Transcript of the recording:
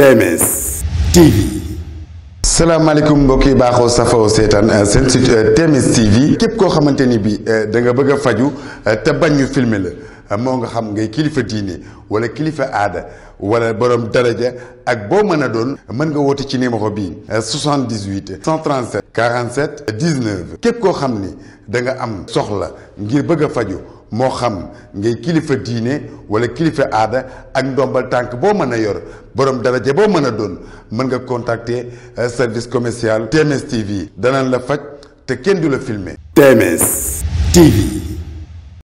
TMS TV. salaamaaleykum mbokk yi baaxoo safoo seetaan euh, seen site euh, TMS TV képp koo xamante ni bi euh, danga nga bëgg faju te bañ ñu filmer la moo nga xam ngay kilifa diine wala kilifa aada wala borom daraja ak boo mën a doon mën nga woote ci numéro bii 78 137 47 19 képp koo xam ni da nga am soxla ngir bëgg a faju moo xam ngay kilifa diine wala kilifa aada ak ndombal tànk boo mën a yor borom daraja boo mën a doon mën nga contacter euh, service commercial TMS TV danañ la faj te kenn du la filme TMS TV